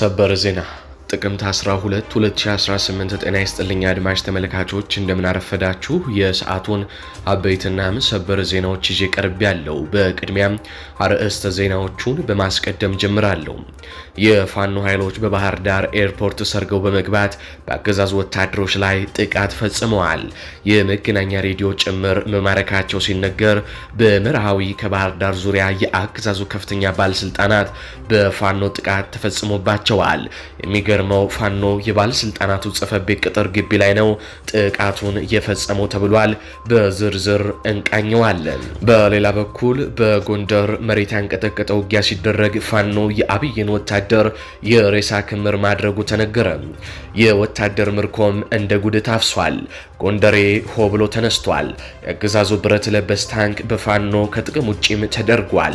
ሰበር ዜና ጥቅምት 12 2018። ጤና ይስጥልኝ አድማጭ ተመልካቾች እንደምናረፈዳችሁ የሰዓቱን አበይትና ሰበር ዜናዎች ይዤ ቀርብ ያለው። በቅድሚያም አርዕስተ ዜናዎቹን በማስቀደም ጀምራለሁ። የፋኖ ኃይሎች በባህር ዳር ኤርፖርት ሰርገው በመግባት በአገዛዙ ወታደሮች ላይ ጥቃት ፈጽመዋል። የመገናኛ ሬዲዮ ጭምር መማረካቸው ሲነገር በመርሃዊ ከባህር ዳር ዙሪያ የአገዛዙ ከፍተኛ ባለስልጣናት በፋኖ ጥቃት ተፈጽሞባቸዋል። የሚገ የሚገርመው ፋኖ የባለስልጣናቱ ጽፈት ቤት ቅጥር ግቢ ላይ ነው ጥቃቱን የፈጸመው ተብሏል። በዝርዝር እንቃኘዋለን። በሌላ በኩል በጎንደር መሬት ያንቀጠቀጠ ውጊያ ሲደረግ ፋኖ የአብይን ወታደር የሬሳ ክምር ማድረጉ ተነገረ። የወታደር ምርኮም እንደ ጉድ ታፍሷል። ጎንደሬ ሆ ብሎ ተነስቷል። የአገዛዙ ብረት ለበስ ታንክ በፋኖ ከጥቅም ውጪም ተደርጓል።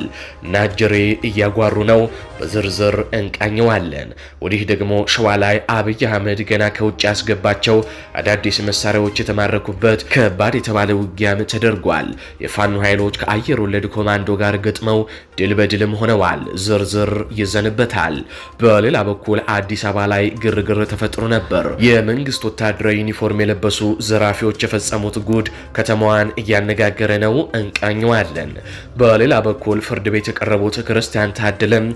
ናጀሬ እያጓሩ ነው። በዝርዝር እንቃኘዋለን። ወዲህ ደግሞ ሸዋ ላይ አብይ አህመድ ገና ከውጭ ያስገባቸው አዳዲስ መሳሪያዎች የተማረኩበት ከባድ የተባለ ውጊያም ተደርጓል። የፋኖ ኃይሎች ከአየር ወለድ ኮማንዶ ጋር ገጥመው ድል በድልም ሆነዋል። ዝርዝር ይዘንበታል። በሌላ በኩል አዲስ አበባ ላይ ግርግር ተፈጥሮ ነበር። የመንግስት ወታደራዊ ዩኒፎርም የለበሱ ዘራፊዎች የፈጸሙት ጉድ ከተማዋን እያነጋገረ ነው። እንቃኘዋለን። በሌላ በኩል ፍርድ ቤት የቀረቡት ክርስቲያን ታደለም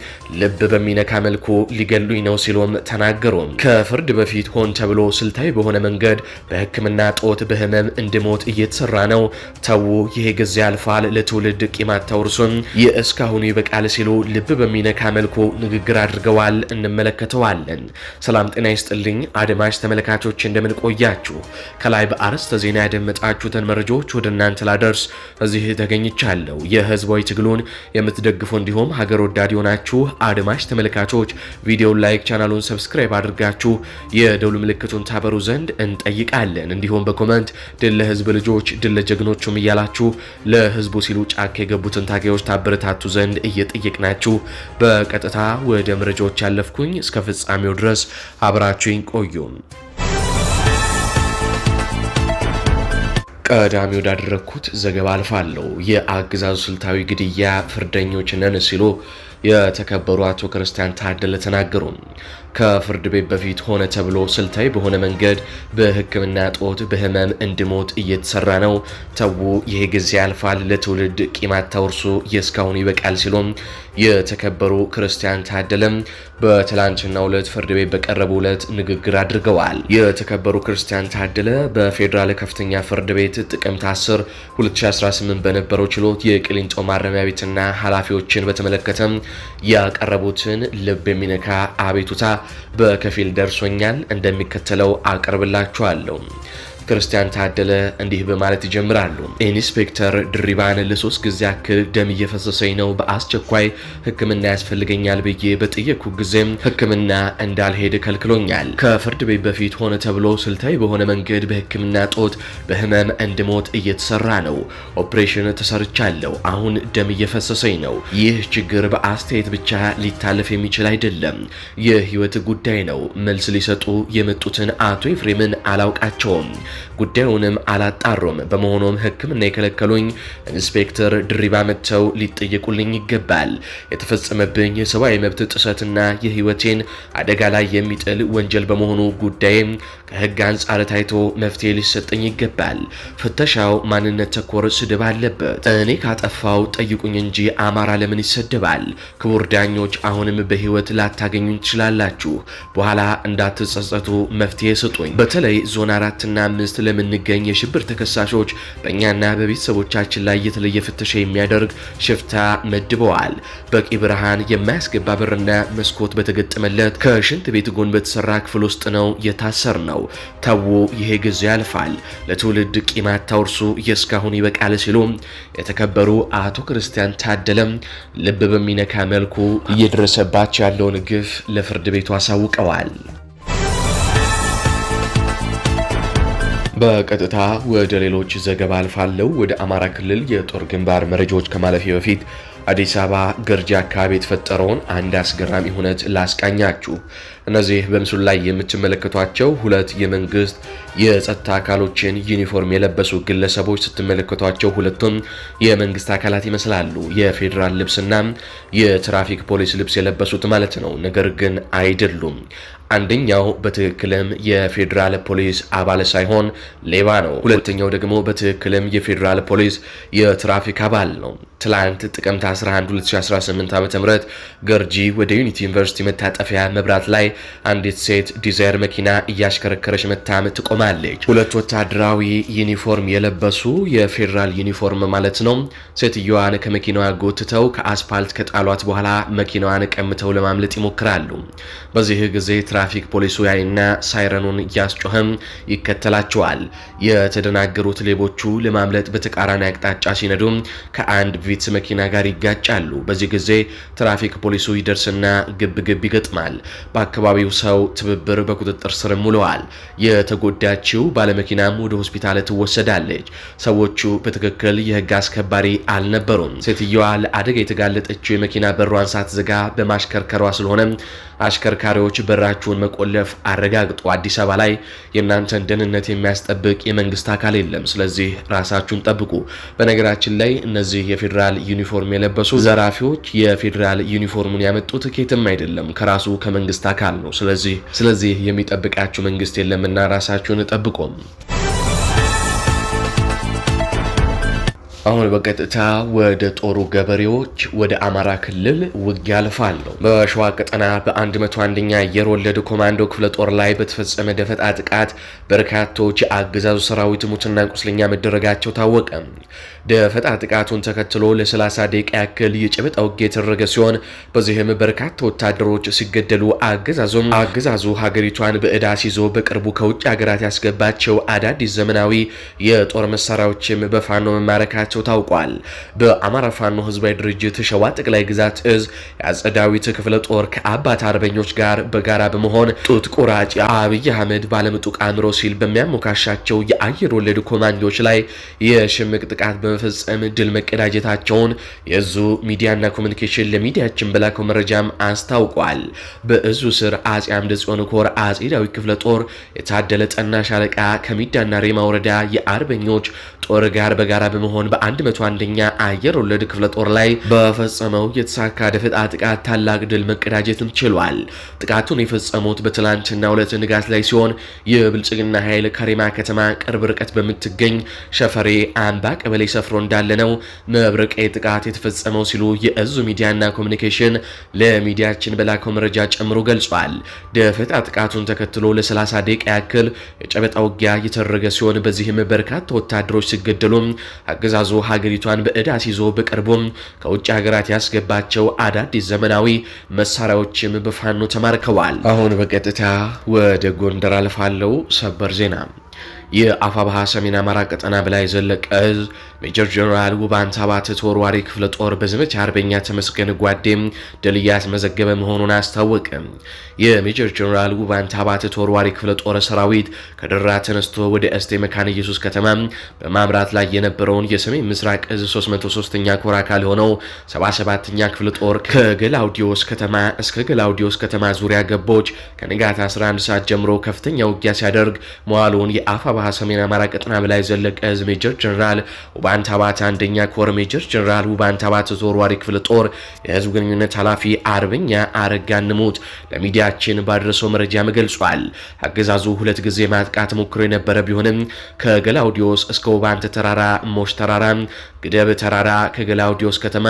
ልብ በሚነካ መልኩ ሊገሉኝ ነው ሲሉም ተናግ አልተናገሩም። ከፍርድ በፊት ሆን ተብሎ ስልታዊ በሆነ መንገድ በህክምና ጦት በህመም እንድሞት እየተሰራ ነው። ተዉ፣ ይሄ ጊዜ ያልፋል፣ ለትውልድ ቂም አታውርሱም፣ የእስካሁኑ ይበቃል ሲሉ ልብ በሚነካ መልኩ ንግግር አድርገዋል። እንመለከተዋለን። ሰላም ጤና ይስጥልኝ አድማጭ ተመልካቾች፣ እንደምን ቆያችሁ? ከላይ በአርዕስተ ዜና ያደመጣችሁትን መረጃዎች ወደ እናንተ ላደርስ እዚህ ተገኝቻለሁ። የህዝባዊ ትግሉን የምትደግፉ እንዲሁም ሀገር ወዳድ የሆናችሁ አድማጭ ተመልካቾች ቪዲዮን ላይክ፣ ቻናሉን ሰብስክራ ሰብስክራይብ አድርጋችሁ የደውል ምልክቱን ታበሩ ዘንድ እንጠይቃለን። እንዲሁም በኮመንት ድል ለህዝብ ልጆች፣ ድል ለጀግኖቹም እያላችሁ ለህዝቡ ሲሉ ጫካ የገቡትን ታጋዮች ታበረታቱ ዘንድ እየጠየቅናችሁ በቀጥታ ወደ መረጃዎች ያለፍኩኝ እስከ ፍጻሜው ድረስ አብራችሁኝ ቆዩ። ቀዳሚ ወዳደረግኩት ዘገባ አልፋለሁ። የአገዛዙ ስልታዊ ግድያ ፍርደኞች ነን ሲሉ የተከበሩ አቶ ክርስቲያን ታደለ ተናገሩ። ከፍርድ ቤት በፊት ሆነ ተብሎ ስልታዊ በሆነ መንገድ በሕክምና ጦት በህመም እንድሞት እየተሰራ ነው። ተዉ፣ ይሄ ጊዜ ያልፋል፣ ለትውልድ ቂም አታውርሱ፣ የእስካሁኑ ይበቃል ሲሉም የተከበሩ ክርስቲያን ታደለም በትላንትና ሁለት ፍርድ ቤት በቀረቡ ሁለት ንግግር አድርገዋል። የተከበሩ ክርስቲያን ታደለ በፌዴራል ከፍተኛ ፍርድ ቤት ጥቅምት 10 2018 በነበረው ችሎት የቅሊንጦ ማረሚያ ቤትና ኃላፊዎችን በተመለከተም ያቀረቡትን ልብ የሚነካ አቤቱታ በከፊል ደርሶኛል፣ እንደሚከተለው አቀርብላችኋለሁ። ክርስቲያን ታደለ እንዲህ በማለት ይጀምራሉ። ኢንስፔክተር ድሪባን ለሶስት ጊዜ ያክል ደም እየፈሰሰኝ ነው፣ በአስቸኳይ ሕክምና ያስፈልገኛል ብዬ በጠየቅኩ ጊዜም ሕክምና እንዳልሄድ ከልክሎኛል። ከፍርድ ቤት በፊት ሆነ ተብሎ ስልታዊ በሆነ መንገድ በሕክምና ጦት በህመም እንድሞት እየተሰራ ነው። ኦፕሬሽን ተሰርቻለሁ። አሁን ደም እየፈሰሰኝ ነው። ይህ ችግር በአስተያየት ብቻ ሊታለፍ የሚችል አይደለም። የህይወት ጉዳይ ነው። መልስ ሊሰጡ የመጡትን አቶ ኤፍሬምን አላውቃቸውም። ጉዳዩንም አላጣሩም። በመሆኑም ሕክምና የከለከሉኝ ኢንስፔክተር ድሪባ መጥተው ሊጠየቁልኝ ይገባል። የተፈጸመብኝ የሰብአዊ መብት ጥሰትና የህይወቴን አደጋ ላይ የሚጥል ወንጀል በመሆኑ ጉዳይም ከህግ አንጻር ታይቶ መፍትሄ ሊሰጠኝ ይገባል። ፍተሻው ማንነት ተኮር ስድብ አለበት። እኔ ካጠፋው ጠይቁኝ እንጂ አማራ ለምን ይሰደባል? ክቡር ዳኞች፣ አሁንም በህይወት ላታገኙኝ ትችላላችሁ። በኋላ እንዳትጸጸቱ መፍትሄ ስጡኝ። በተለይ ዞን አራትና አምስት መንግስት ለምንገኝ የሽብር ተከሳሾች በእኛና በቤተሰቦቻችን ላይ የተለየ ፍተሻ የሚያደርግ ሽፍታ መድበዋል። በቂ ብርሃን የማያስገባ በርና መስኮት በተገጠመለት ከሽንት ቤት ጎን በተሰራ ክፍል ውስጥ ነው የታሰር ነው። ተዉ፣ ይሄ ጊዜ ያልፋል፣ ለትውልድ ቂም አታውርሱ፣ የእስካሁን ይበቃል ሲሉ የተከበሩ አቶ ክርስቲያን ታደለም ልብ በሚነካ መልኩ እየደረሰባቸው ያለውን ግፍ ለፍርድ ቤቱ አሳውቀዋል። በቀጥታ ወደ ሌሎች ዘገባ አልፋለው። ወደ አማራ ክልል የጦር ግንባር መረጃዎች ከማለፌ በፊት አዲስ አበባ ግርጃ አካባቢ የተፈጠረውን አንድ አስገራሚ ሁነት ላስቃኛችሁ። እነዚህ በምስሉ ላይ የምትመለከቷቸው ሁለት የመንግስት የጸጥታ አካሎችን ዩኒፎርም የለበሱ ግለሰቦች ስትመለከቷቸው ሁለቱም የመንግስት አካላት ይመስላሉ። የፌዴራል ልብስና የትራፊክ ፖሊስ ልብስ የለበሱት ማለት ነው። ነገር ግን አይደሉም። አንደኛው በትክክልም የፌዴራል ፖሊስ አባል ሳይሆን ሌባ ነው። ሁለተኛው ደግሞ በትክክልም የፌዴራል ፖሊስ የትራፊክ አባል ነው። ትላንት ጥቅምት 11 2018 ዓ ም ገርጂ ወደ ዩኒቲ ዩኒቨርሲቲ መታጠፊያ መብራት ላይ አንዲት ሴት ዲዛይር መኪና እያሽከረከረች መታም ትቆማለች። ሁለት ወታደራዊ ዩኒፎርም የለበሱ የፌዴራል ዩኒፎርም ማለት ነው ሴትዮዋን ከመኪናዋ ጎትተው ከአስፓልት ከጣሏት በኋላ መኪናዋን ቀምተው ለማምለጥ ይሞክራሉ። በዚህ ጊዜ ትራፊክ ፖሊሱ ያይና ሳይረኑን እያስጮኸም ይከተላቸዋል። የተደናገሩት ሌቦቹ ለማምለጥ በተቃራኒ አቅጣጫ ሲነዱ ከአንድ ቪትስ መኪና ጋር ይጋጫሉ። በዚህ ጊዜ ትራፊክ ፖሊሱ ይደርስና ግብ ግብ ይገጥማል። በአካባቢ የአካባቢው ሰው ትብብር በቁጥጥር ስር ውለዋል። የተጎዳችው ባለመኪናም ወደ ሆስፒታል ትወሰዳለች። ሰዎቹ በትክክል የህግ አስከባሪ አልነበሩም። ሴትየዋ ለአደጋ የተጋለጠችው የመኪና በሯን ሳትዘጋ በማሽከርከሯ ስለሆነ አሽከርካሪዎች በራችሁን መቆለፍ አረጋግጡ፣ አዲስ አበባ ላይ የእናንተን ደህንነት የሚያስጠብቅ የመንግስት አካል የለም፣ ስለዚህ ራሳችሁን ጠብቁ። በነገራችን ላይ እነዚህ የፌዴራል ዩኒፎርም የለበሱ ዘራፊዎች የፌዴራል ዩኒፎርሙን ያመጡት ኬትም አይደለም ከራሱ ከመንግስት አካል ነው። ስለዚህ ስለዚህ የሚጠብቃችሁ መንግስት የለምና ራሳችሁን ጠብቆም። አሁን በቀጥታ ወደ ጦሩ ገበሬዎች ወደ አማራ ክልል ውጊያ አልፋለሁ። በሸዋ ቀጠና በ101ኛ አየር ወለድ ኮማንዶ ክፍለ ጦር ላይ በተፈጸመ ደፈጣ ጥቃት በርካቶች የአገዛዙ ሰራዊት ሙትና ቁስለኛ መደረጋቸው ታወቀ። ደፈጣ ጥቃቱን ተከትሎ ለ30 ደቂቃ ያክል የጨበጣ ውጊያ የተደረገ ሲሆን በዚህም በርካታ ወታደሮች ሲገደሉ፣ አገዛዙም አገዛዙ ሀገሪቷን በእዳ ሲይዞ በቅርቡ ከውጭ ሀገራት ያስገባቸው አዳዲስ ዘመናዊ የጦር መሳሪያዎችም በፋኖ መማረካቸው መሆናቸው ታውቋል። በአማራ ፋኖ ህዝባዊ ድርጅት ሸዋ ጠቅላይ ግዛት እዝ የአጸዳዊት ክፍለ ጦር ከአባት አርበኞች ጋር በጋራ በመሆን ጡት ቁራጭ አብይ አህመድ ባለምጡቅ አእምሮ ሲል በሚያሞካሻቸው የአየር ወለድ ኮማንዶች ላይ የሽምቅ ጥቃት በመፈጸም ድል መቀዳጀታቸውን የዙ ሚዲያና ኮሚኒኬሽን ለሚዲያችን በላከው መረጃም አስታውቋል። በእዙ ስር አጼ አምደ ጽዮን ኮር አጼ ዳዊት ክፍለ ጦር የታደለ ጠና ሻለቃ ከሚዳና ሬማ ወረዳ የአርበኞች ጦር ጋር በጋራ በመሆን በ101ኛ አየር ወለድ ክፍለ ጦር ላይ በፈጸመው የተሳካ ደፈጣ ጥቃት ታላቅ ድል መቀዳጀትም ችሏል። ጥቃቱን የፈጸሙት በትላንትና ሁለት ንጋት ላይ ሲሆን የብልጽግና ኃይል ከሬማ ከተማ ቅርብ ርቀት በምትገኝ ሸፈሬ አምባ ቀበሌ ሰፍሮ እንዳለ ነው መብረቃዊ ጥቃት የተፈጸመው ሲሉ የእዙ ሚዲያና ኮሚኒኬሽን ለሚዲያችን በላከው መረጃ ጨምሮ ገልጿል። ደፈጣ ጥቃቱን ተከትሎ ለ30 ደቂቃ ያክል የጨበጣ ውጊያ የተደረገ ሲሆን በዚህም በርካታ ወታደሮች ሲገደሉም አገዛዙ አገዛዙ ሀገሪቷን በእዳ ሲይዞ በቅርቡም ከውጭ ሀገራት ያስገባቸው አዳዲስ ዘመናዊ መሳሪያዎችም በፋኖ ተማርከዋል። አሁን በቀጥታ ወደ ጎንደር አልፋለው። ሰበር ዜና የአፋብሃ ሰሜን አማራ ቀጠና በላይ ዘለቀ እዝ ሜጀር ጀነራል ውባንታ ባተ ተወርዋሪ ክፍለ ጦር በዘመቻ አርበኛ ተመስገን ጓዴም ድል እያስመዘገበ መሆኑን አስታወቀ። የሜጀር ጀነራል ውባንታ ባተ ተወርዋሪ ክፍለ ጦር ሰራዊት ከደራ ተነስቶ ወደ እስቴ መካነ ኢየሱስ ከተማ በማምራት ላይ የነበረውን የሰሜን ምስራቅ እዝ 303ኛ ኮር አካል ሆነው 77ኛ ክፍለ ጦር ከገላውዲዮስ ከተማ እስከ ገላውዲዮስ ከተማ ዙሪያ ገቦች ከንጋት 11 ሰዓት ጀምሮ ከፍተኛ ውጊያ ሲያደርግ መዋሉን የአፋ አበባ ሰሜን አማራ ቀጠና በላይ ዘለቀ ህዝብ ሜጀር ጀኔራል ውባንት አባት አንደኛ ኮር ሜጀር ጀኔራል ውባንት አባት ዞርዋሪ ክፍለ ጦር የህዝብ ግንኙነት ኃላፊ አርበኛ አረጋ ንሙት ለሚዲያችን ባደረሰው መረጃም ገልጿል። አገዛዙ ሁለት ጊዜ ማጥቃት ሞክሮ የነበረ ቢሆንም ከገላውዲዮስ እስከ ውባንት ተራራ፣ ሞሽ ተራራ፣ ግደብ ተራራ፣ ከገላውዲዮስ ከተማ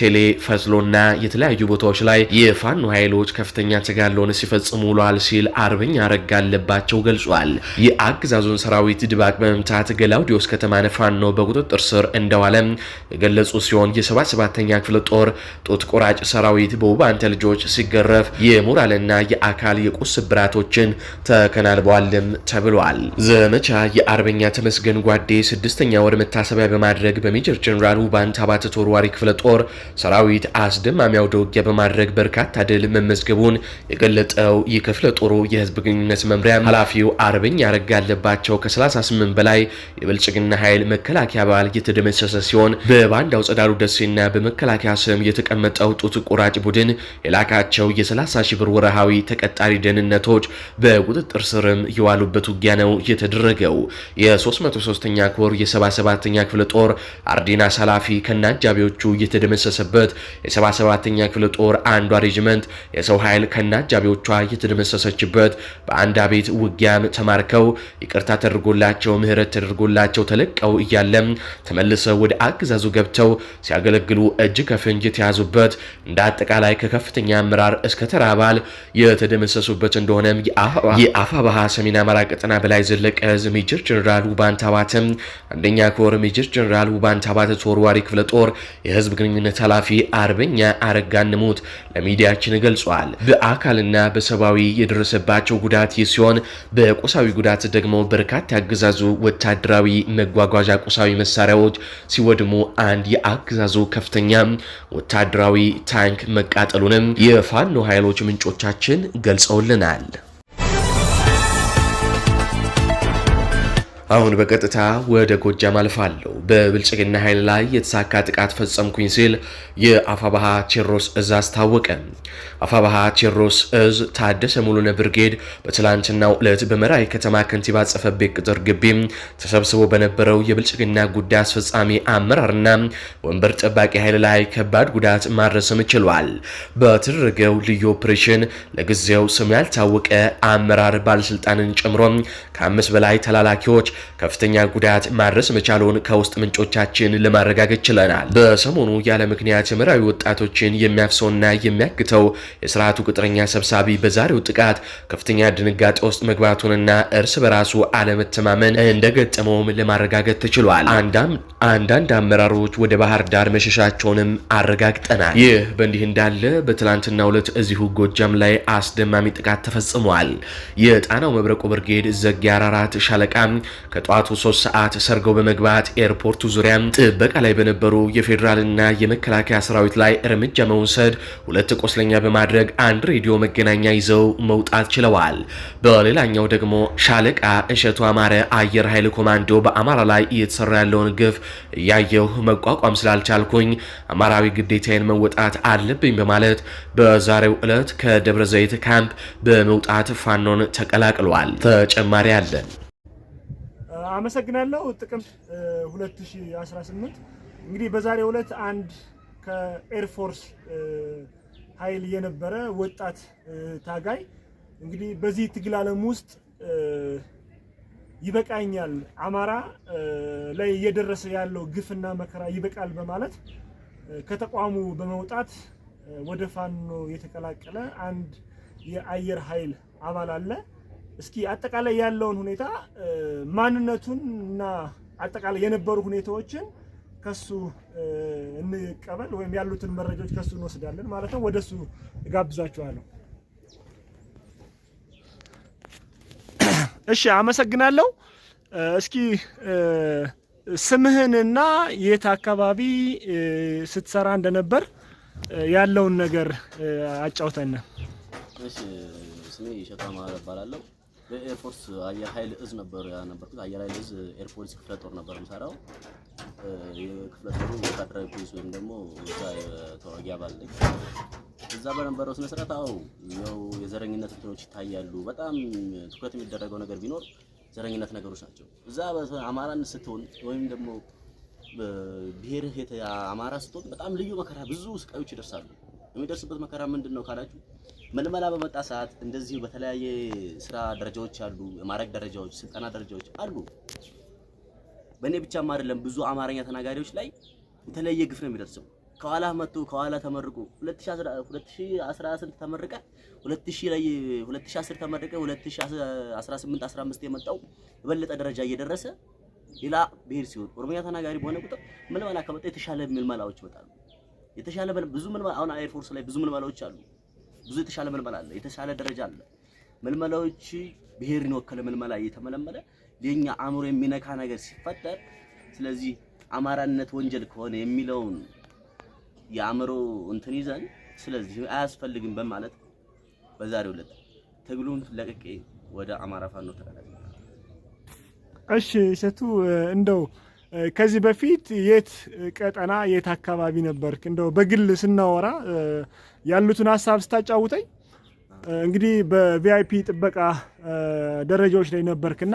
ቴሌ ፈዝሎና የተለያዩ ቦታዎች ላይ የፋኖ ኃይሎች ከፍተኛ ተጋድሎን ሲፈጽሙ ውሏል ሲል አርበኛ አረጋ አለባቸው ገልጿል። የአገዛዙን ሰራዊት ድባቅ በመምታት ገላውዲዮስ ነፋን ነው በቁጥጥር ስር እንደዋለም የገለጹ ሲሆን የ77ኛ ክፍለ ጦር ጡት ቆራጭ ሰራዊት በውባንተ ልጆች ሲገረፍ የሞራልና የአካል የቁስ ስብራቶችን ተከናልበዋልም ተብሏል። ዘመቻ የአርበኛ ተመስገን ጓዴ ስድስተኛ ወር መታሰቢያ በማድረግ በሜጀር ጀኔራል ውባን አባተ ተወርዋሪ ክፍለ ጦር ሰራዊት አስደማሚ አውደ ውጊያ በማድረግ በርካታ ድል መመዝገቡን የገለጠው የክፍለ ጦሩ የህዝብ ግንኙነት መምሪያ ኃላፊው አርበኛ ያረጋ አለባቸው በቁጥራቸው ከ38 በላይ የብልጽግና ኃይል መከላከያ አባል እየተደመሰሰ ሲሆን በባንዳው ጸዳሉ ደሴና በመከላከያ ስም የተቀመጠው ጡት ቆራጭ ቡድን የላካቸው የ30 ሺህ ብር ወረሃዊ ተቀጣሪ ደህንነቶች በቁጥጥር ስርም የዋሉበት ውጊያ ነው የተደረገው። የ303ኛ ኮር የ77ኛ ክፍለ ጦር አርዲና ሳላፊ ከነ አጃቢዎቹ የተደመሰሰበት የ77ኛ ክፍለ ጦር አንዷ ሬጅመንት የሰው ኃይል ከነ አጃቢዎቿ የተደመሰሰችበት በአንድ ቤት ውጊያም ተማርከው ይቅርታ ተደርጎላቸው ምህረት ተደርጎላቸው ተለቀው እያለም ተመልሰው ወደ አገዛዙ ገብተው ሲያገለግሉ እጅ ከፍንጅ የተያዙበት እንደ አጠቃላይ ከከፍተኛ አመራር እስከ ተራባል የተደመሰሱበት እንደሆነም የአፋባሃ ሰሜን አማራ ቀጠና በላይ ዘለቀ ሜጀር ጀኔራል ውባንት አንደኛ ኮር ሜጀር ጀኔራል ውባንት ተወርዋሪ ክፍለ ጦር የህዝብ ግንኙነት ኃላፊ አርበኛ አረጋ ንሙት ለሚዲያችን ገልጿል። በአካልና በሰብአዊ የደረሰባቸው ጉዳት ሲሆን በቁሳዊ ጉዳት ደግሞ በ በርካታ ያገዛዙ ወታደራዊ መጓጓዣ ቁሳዊ መሳሪያዎች ሲወድሙ አንድ የአገዛዙ ከፍተኛ ወታደራዊ ታንክ መቃጠሉንም የፋኖ ኃይሎች ምንጮቻችን ገልጸውልናል። አሁን በቀጥታ ወደ ጎጃም አልፋለሁ። በብልጽግና ኃይል ላይ የተሳካ ጥቃት ፈጸምኩኝ ሲል የአፋባሃ ቴዎድሮስ እዝ አስታወቀ። አፋባሃ ቴዎድሮስ እዝ ታደሰ ሙሉነ ብርጌድ በትላንትናው ዕለት በመራዊ ከተማ ከንቲባ ጽሕፈት ቤት ቅጥር ግቢ ተሰብስቦ በነበረው የብልጽግና ጉዳይ አስፈጻሚ አመራርና ወንበር ጠባቂ ኃይል ላይ ከባድ ጉዳት ማድረስም ችሏል። በተደረገው ልዩ ኦፕሬሽን ለጊዜው ስሙ ያልታወቀ አመራር ባለስልጣንን ጨምሮ ከአምስት በላይ ተላላኪዎች ከፍተኛ ጉዳት ማድረስ መቻሉን ከውስጥ ምንጮቻችን ለማረጋገጥ ችለናል። በሰሞኑ ያለ ምክንያት ምዕራዊ ወጣቶችን የሚያፍሰውና የሚያግተው የስርዓቱ ቅጥረኛ ሰብሳቢ በዛሬው ጥቃት ከፍተኛ ድንጋጤ ውስጥ መግባቱንና እርስ በራሱ አለመተማመን እንደገጠመውም ለማረጋገጥ ተችሏል። አንዳንድ አመራሮች ወደ ባህር ዳር መሸሻቸውንም አረጋግጠናል። ይህ በእንዲህ እንዳለ በትላንትና ሁለት እዚሁ ጎጃም ላይ አስደማሚ ጥቃት ተፈጽሟል። የጣናው መብረቁ ብርጌድ ዘጌ አራራት ሻለቃ ከጠዋቱ ሶስት ሰዓት ሰርገው በመግባት ኤርፖርቱ ዙሪያም ጥበቃ ላይ በነበሩ የፌዴራልና የመከላከያ ሰራዊት ላይ እርምጃ መውሰድ፣ ሁለት ቆስለኛ በማድረግ አንድ ሬዲዮ መገናኛ ይዘው መውጣት ችለዋል። በሌላኛው ደግሞ ሻለቃ እሸቱ አማረ አየር ኃይል ኮማንዶ በአማራ ላይ እየተሰራ ያለውን ግፍ እያየሁ መቋቋም ስላልቻልኩኝ አማራዊ ግዴታዬን መወጣት አለብኝ በማለት በዛሬው ዕለት ከደብረ ዘይት ካምፕ በመውጣት ፋኖን ተቀላቅሏል። ተጨማሪ አለን። አመሰግናለሁ። ጥቅምት 2018 እንግዲህ በዛሬው ዕለት አንድ ከኤርፎርስ ኃይል የነበረ ወጣት ታጋይ እንግዲህ በዚህ ትግል ዓለም ውስጥ ይበቃኛል፣ አማራ ላይ እየደረሰ ያለው ግፍና መከራ ይበቃል በማለት ከተቋሙ በመውጣት ወደ ፋኖ የተቀላቀለ አንድ የአየር ኃይል አባል አለ። እስኪ አጠቃላይ ያለውን ሁኔታ ማንነቱን እና አጠቃላይ የነበሩ ሁኔታዎችን ከሱ እንቀበል ወይም ያሉትን መረጃዎች ከሱ እንወስዳለን ማለት ነው። ወደሱ እጋብዛችኋለሁ። እሺ፣ አመሰግናለሁ። እስኪ ስምህንና የት አካባቢ ስትሰራ እንደነበር ያለውን ነገር አጫውተን። እሺ፣ ስሜ እሸቱ ማረ እባላለሁ። ኤርፎርስ አየር ኃይል እዝ ነበር ያነበርኩት። አየር ኃይል እዝ ኤር ክፍለ ጦር ነበር የምሰራው። የክፍለ ጦሩ ወታደራዊ ፖሊስ ወይም ደግሞ እዛ ተዋጊ አባል ነኝ። እዛ በነበረው ስነ ስርዓት አው ያው የዘረኝነት እንትኖች ይታያሉ። በጣም ትኩረት የሚደረገው ነገር ቢኖር ዘረኝነት ነገሮች ናቸው። እዛ አማራን ስትሆን ወይም ደግሞ ብሔር አማራ ስትሆን በጣም ልዩ መከራ፣ ብዙ ስቃዮች ይደርሳሉ። የሚደርስበት መከራ ምንድን ነው ካላችሁ ምልመላ በመጣ ሰዓት እንደዚሁ በተለያየ ስራ ደረጃዎች አሉ፣ የማዕረግ ደረጃዎች፣ ስልጠና ደረጃዎች አሉ። በእኔ ብቻም አይደለም ብዙ አማርኛ ተናጋሪዎች ላይ የተለየ ግፍ ነው የሚደርሰው። ከኋላ መጥቶ ከኋላ ተመርቆ 2010 ተመረቀ 2000 ላይ 2010 2018 15 የመጣው የበለጠ ደረጃ እየደረሰ ሌላ ብሄር ሲሆን ኦሮምኛ ተናጋሪ በሆነ ቁጥር ምልመላ ከመጣ የተሻለ ምልመላዎች ይመጣሉ። የተሻለ ብዙ ምልመላ አሁን ኤርፎርስ ላይ ብዙ ምልመላዎች አሉ። ብዙ የተሻለ ምልመላ አለ፣ የተሻለ ደረጃ አለ። ምልመላዎች ብሔርን የወከለ መልመላ እየተመለመለ የኛ አእምሮ የሚነካ ነገር ሲፈጠር ስለዚህ አማራነት ወንጀል ከሆነ የሚለውን የአእምሮ እንትን ይዘን ስለዚህ አያስፈልግም በማለት በዛሬው ዕለት ትግሉን ለቅቄ ወደ አማራ ፋኖ ተቀላቀልኩ። እሺ እሸቱ እንደው ከዚህ በፊት የት ቀጠና የት አካባቢ ነበርክ? እንደው በግል ስናወራ ያሉትን ሀሳብ ስታጫውተኝ እንግዲህ በቪአይፒ ጥበቃ ደረጃዎች ላይ ነበርክና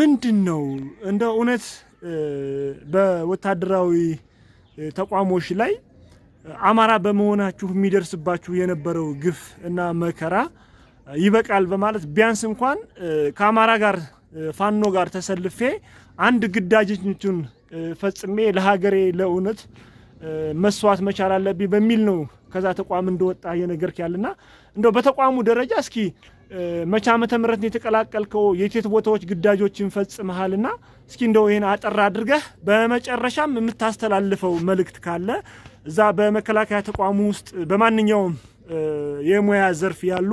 ምንድን ነው እንደው እውነት በወታደራዊ ተቋሞች ላይ አማራ በመሆናችሁ የሚደርስባችሁ የነበረው ግፍ እና መከራ ይበቃል በማለት ቢያንስ እንኳን ከአማራ ጋር ፋኖ ጋር ተሰልፌ አንድ ግዳጅቱን ፈጽሜ ለሀገሬ ለእውነት መስዋዕት መቻል አለብኝ በሚል ነው ከዛ ተቋም እንደወጣ የነገርክ ያለና እንደው በተቋሙ ደረጃ እስኪ መቼ ዓመተ ምህረት የተቀላቀልከው የቴት ቦታዎች ግዳጆችን ፈጽመሃልና እስኪ እንደው ይህን አጠር አድርገህ በመጨረሻም የምታስተላልፈው መልእክት ካለ እዛ በመከላከያ ተቋሙ ውስጥ በማንኛውም የሙያ ዘርፍ ያሉ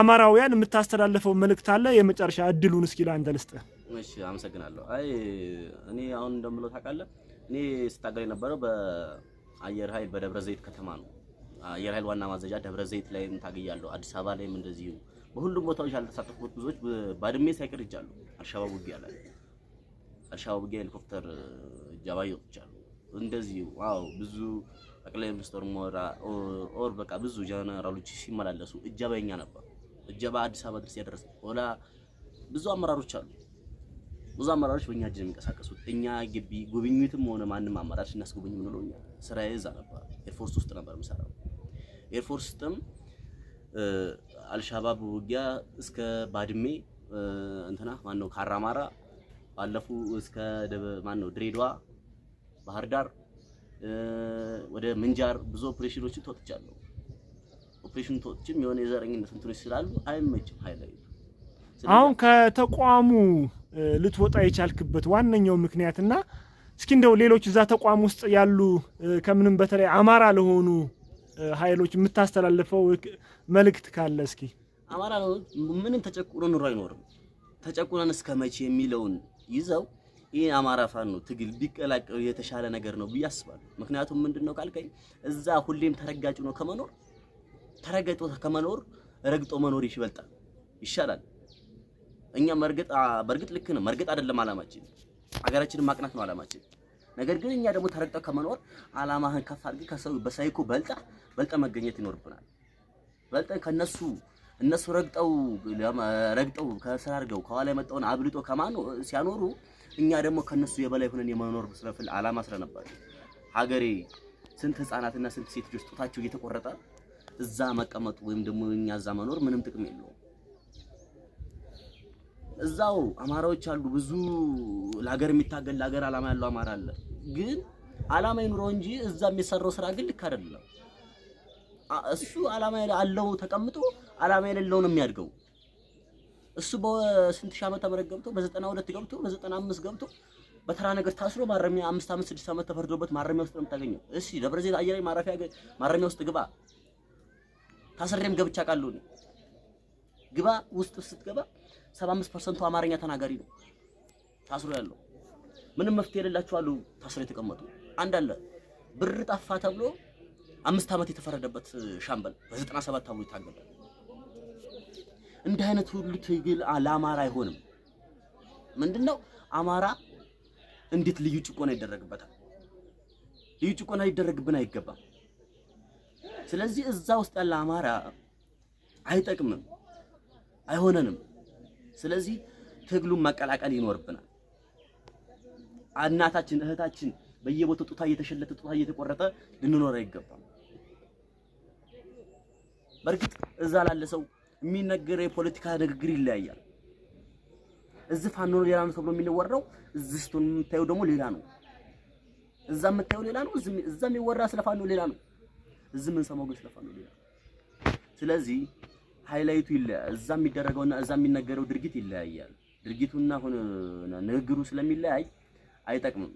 አማራውያን የምታስተላልፈው መልእክት አለ የመጨረሻ እድሉን እስኪ ለአንተ ልስጥህ እሺ አመሰግናለሁ። አይ እኔ አሁን እንደምለው ታውቃለህ፣ እኔ ስታገል የነበረው በአየር ኃይል በደብረ ዘይት ከተማ ነው። አየር ኃይል ዋና ማዘዣ ደብረ ዘይት ላይም ታገያለሁ፣ አዲስ አበባ ላይም እንደዚሁ። በሁሉም ቦታዎች ያልተሳተፉት ብዙዎች ባድሜ ሳይቀር ይጃሉ። አልሻባብ ውጊያ ላይ አልሻባብ ውጊያ ሄሊኮፕተር እጃባ ይወጥቻሉ። እንደዚሁ ዋው ብዙ ጠቅላይ ሚኒስትር ሞራ ኦር በቃ ብዙ ጀነራሎች ሲመላለሱ እጀባ የኛ ነበር። እጀባ አዲስ አበባ ድረስ ያደረሰ ሆላ ብዙ አመራሮች አሉ። ብዙ አመራሮች በእኛ እጅ ነው የሚንቀሳቀሱት። እኛ ግቢ ጉብኝትም ሆነ ማንም አመራር እናስጉብኝ የምንለው እኛ ስራዬ እዛ ነበር። ኤርፎርስ ውስጥ ነበር የምሰራው። ኤርፎርስ ውስጥም አልሻባብ ውጊያ እስከ ባድሜ እንትና ማን ነው ካራማራ ባለፉ እስከ ማን ነው ድሬዳዋ፣ ባህር ዳር ወደ ምንጃር ብዙ ኦፕሬሽኖችን ተወጥቻለሁ። ኦፕሬሽን ተወጥቼም የሆነ የዘረኝነት እንትኖች ስላሉ አይመችም ሀይል አሁን ከተቋሙ ልትወጣ የቻልክበት ዋነኛው ምክንያትና እስኪ እንደው ሌሎች እዛ ተቋም ውስጥ ያሉ ከምንም በተለይ አማራ ለሆኑ ኃይሎች የምታስተላልፈው መልእክት ካለ እስኪ። አማራ ምንም ተጨቁኖ ኑሮ አይኖርም። ተጨቁነን እስከ መቼ የሚለውን ይዘው ይህ አማራ ፋኖ ትግል ቢቀላቀሉ የተሻለ ነገር ነው ብዬ አስባለሁ። ምክንያቱም ምንድን ነው ካልከኝ እዛ ሁሌም ተረጋጭ ነው ከመኖር ተረገጦ ከመኖር ረግጦ መኖር ይበልጣል፣ ይሻላል። እኛ መርገጥ በርግጥ ልክ ነው፣ መርገጥ አይደለም አላማችን፣ አገራችንን ማቅናት ነው አላማችን። ነገር ግን እኛ ደግሞ ተረግጠው ከመኖር አላማህን ከፍ አድርገህ ከሰው በሳይኮ በልጣ በልጠ መገኘት ይኖርብናል። በልጠ ከነሱ እነሱ ረግጠው ረግጠው ከስራ አድርገው ከኋላ የመጣውን አብልጦ ከማኑ ሲያኖሩ እኛ ደግሞ ከነሱ የበላይ ሆነን የመኖር ስለፍል አላማ ስለነበር ሀገሬ ስንት ህፃናትና ስንት ሴቶች ጡታቸው እየተቆረጠ እዛ መቀመጡ ወይም ደግሞ እኛ እዛ መኖር ምንም ጥቅም የለውም። እዛው አማራዎች አሉ። ብዙ ለሀገር የሚታገል ለሀገር አላማ ያለው አማራ አለ። ግን አላማ ይኑረው እንጂ እዛ የሚሰራው ስራ ግን ልክ አይደለም። እሱ አላማ አለው ተቀምጦ አላማ የሌለው ነው የሚያድገው። እሱ በስንት ሺህ ዓመተ ምህረት ገብቶ በዘጠና ሁለት ገብቶ በዘጠና አምስት ገብቶ በተራ ነገር ታስሮ ማረሚያ አምስት አምስት ስድስት ዓመት ተፈርዶበት ማረሚያ ውስጥ ነው የምታገኘው። እሺ ደብረ ዘይት አየር ማረፊያ ማረሚያ ውስጥ ግባ። ታስሬም ገብቻ ቃሉ ግባ ውስጥ ስትገባ 75 ፐርሰንቱ አማርኛ ተናጋሪ ነው ታስሮ ያለው። ምንም መፍትሄ የሌላቸው አሉ ታስሮ የተቀመጡ። አንድ አለ ብር ጠፋ ተብሎ አምስት ዓመት የተፈረደበት ሻምበል በ97 ተብሎ ይታገለ እንዲህ አይነት ሁሉ ትግል ለአማራ አይሆንም። ምንድነው አማራ እንዴት ልዩ ጭቆና ይደረግበታል? ልዩ ጭቆና ሊደረግብን አይገባም። ስለዚህ እዛ ውስጥ ያለ አማራ አይጠቅምም፣ አይሆነንም። ስለዚህ ትግሉን መቀላቀል ይኖርብናል። እናታችን እህታችን በየቦታው ጡታ እየተሸለተ ጡታ እየተቆረጠ ልንኖር አይገባም። በእርግጥ እዛ ላለ ሰው የሚነገር የፖለቲካ ንግግር ይለያያል። እዚህ ፋኖ ነው ሌላ ነው ተብሎ የሚወራው እዚህ ስቶን የምታየው ደግሞ ሌላ ነው። እዛ የምታየው ሌላ ነው። እዚህ እዛ የሚወራ ስለፋኖ ሌላ ነው። እዚህ የምንሰማው ግን ስለፋኖ ሌላ ነው። ስለዚህ ሃይላይቱ ይለያል። እዛ የሚደረገውና እዛ የሚነገረው ድርጊት ይለያያል። ድርጊቱና ንግግሩ ስለሚለያይ አይጠቅምም።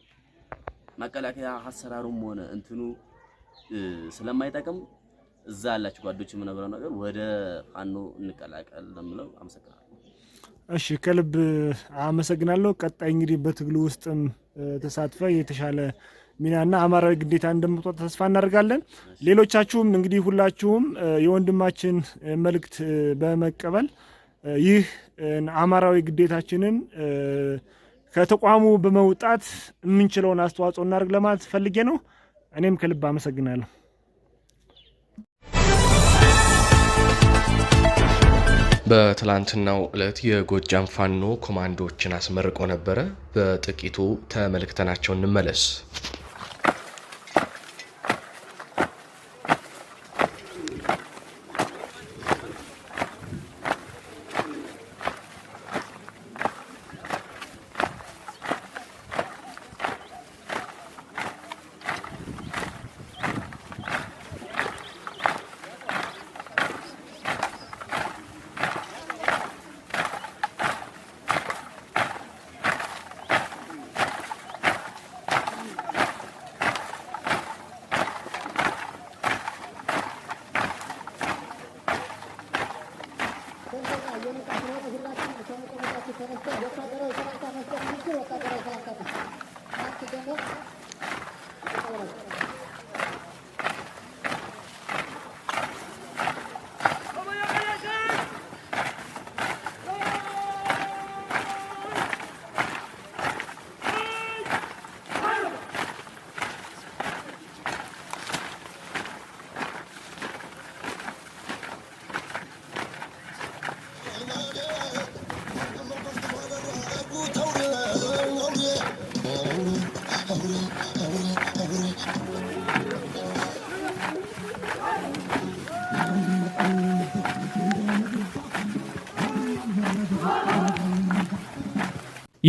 መከላከያ አሰራሩም ሆነ እንትኑ ስለማይጠቅም እዛ ያላችሁ ጓዶች የምነግረው ነገር ወደ ፋኖ እንቀላቀል ለምለው አመሰግናለሁ። እሺ ከልብ አመሰግናለሁ። ቀጣይ እንግዲህ በትግሉ ውስጥም ተሳትፈ የተሻለ ሚናና አማራዊ ግዴታ እንደምትወጣ ተስፋ እናደርጋለን። ሌሎቻችሁም እንግዲህ ሁላችሁም የወንድማችን መልእክት በመቀበል ይህ አማራዊ ግዴታችንን ከተቋሙ በመውጣት የምንችለውን አስተዋጽኦ እናደርግ ለማለት ፈልጌ ነው። እኔም ከልብ አመሰግናለሁ። በትላንትናው ዕለት የጎጃም ፋኖ ኮማንዶዎችን አስመርቆ ነበረ። በጥቂቱ ተመልክተናቸው እንመለስ። Thank you.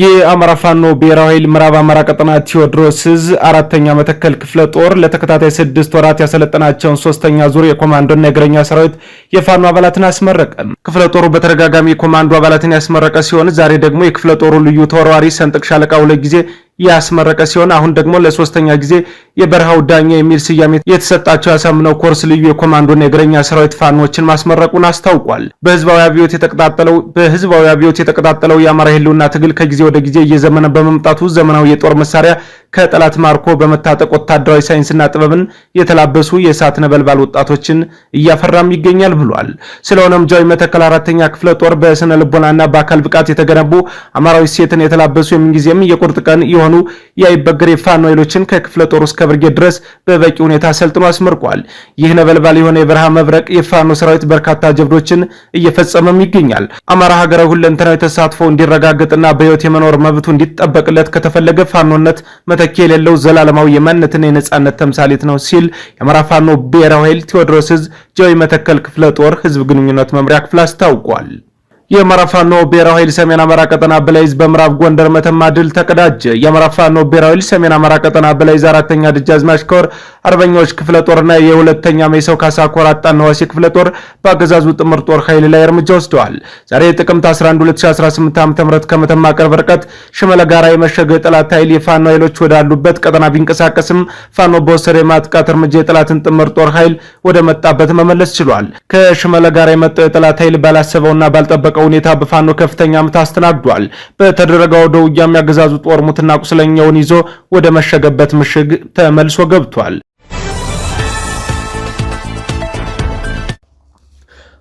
የአማራ ፋኖ ብሔራዊ ኃይል ምዕራብ አማራ ቀጠና ቴዎድሮስ እዝ አራተኛ መተከል ክፍለ ጦር ለተከታታይ ስድስት ወራት ያሰለጠናቸውን ሶስተኛ ዙር የኮማንዶና የእግረኛ ሰራዊት የፋኖ አባላትን አስመረቀ። ክፍለ ጦሩ በተደጋጋሚ የኮማንዶ አባላትን ያስመረቀ ሲሆን ዛሬ ደግሞ የክፍለ ጦሩ ልዩ ተወርዋሪ ሰንጥቅ ሻለቃ ሁለት ጊዜ ያስመረቀ ሲሆን አሁን ደግሞ ለሶስተኛ ጊዜ የበረሃው ዳኛ የሚል ስያሜ የተሰጣቸው ያሳምነው ኮርስ ልዩ የኮማንዶና የእግረኛ ሰራዊት ፋኖችን ማስመረቁን አስታውቋል። በህዝባዊ አብዮት የተቀጣጠለው በህዝባዊ አብዮት የተቀጣጠለው የአማራ ህልውና ትግል ከጊዜ ወደ ጊዜ እየዘመነ በመምጣቱ ዘመናዊ የጦር መሳሪያ ከጠላት ማርኮ በመታጠቅ ወታደራዊ ሳይንስና ጥበብን የተላበሱ የእሳት ነበልባል ወጣቶችን እያፈራም ይገኛል ብሏል። ስለሆነም ጃዊ መተከል አራተኛ ክፍለ ጦር በስነ ልቦናና በአካል ብቃት የተገነቡ አማራዊ ሴትን የተላበሱ የምንጊዜም የቁርጥ ቀን የሆኑ የአይበገር የፋኖ ኃይሎችን ከክፍለ ጦር እስከ ብርጌድ ድረስ በበቂ ሁኔታ ሰልጥኖ አስመርቋል። ይህ ነበልባል የሆነ የበረሃ መብረቅ የፋኖ ሰራዊት በርካታ ጀብዶችን እየፈጸመም ይገኛል። አማራ ሀገራዊ ሁለንተናዊ ተሳትፎ እንዲረጋገጥና በህይወት የመኖር መብቱ እንዲጠበቅለት ከተፈለገ ፋኖነት ተተኪ የሌለው ዘላለማዊ የማንነትና የነጻነት ተምሳሌት ነው ሲል የአማራ ፋኖ ብሔራዊ ኃይል ቴዎድሮስ እዝ ጃዊ መተከል ክፍለ ጦር ህዝብ ግንኙነት መምሪያ ክፍል አስታውቋል። የአማራ ፋኖ ብሔራዊ ኃይል ሰሜን አማራ ቀጠና በላይዝ በምዕራብ ጎንደር መተማ ድል ተቀዳጀ። የአማራ ፋኖ ብሔራዊ ኃይል ሰሜን አማራ ቀጠና በላይዝ አራተኛ ደጃዝማች ኮር አርበኞች ክፍለ ጦርና የሁለተኛ ሜሰው ካሳ ኮር አጣናዋሴ ክፍለ ጦር በአገዛዙ ጥምር ጦር ኃይል ላይ እርምጃ ወስደዋል። ዛሬ ጥቅምት 11 2018 ዓ.ም ከመተማ ቅርብ ርቀት ሽመለ ጋራ የመሸገ የጠላት ኃይል የፋኖ ኃይሎች ወዳሉበት ቀጠና ቢንቀሳቀስም ፋኖ በወሰደ የማጥቃት እርምጃ የጠላትን ጥምር ጦር ኃይል ወደ መጣበት መመለስ ችሏል። ከሽመለ ጋራ የመጣው የጠላት ኃይል ባላሰበውና ባልጠበቀው ሁኔታ በፋኖ ከፍተኛ ምት አስተናግዷል። በተደረገው ደውያም ያገዛዙ ጦር ሙትና ቁስለኛውን ይዞ ወደ መሸገበት ምሽግ ተመልሶ ገብቷል።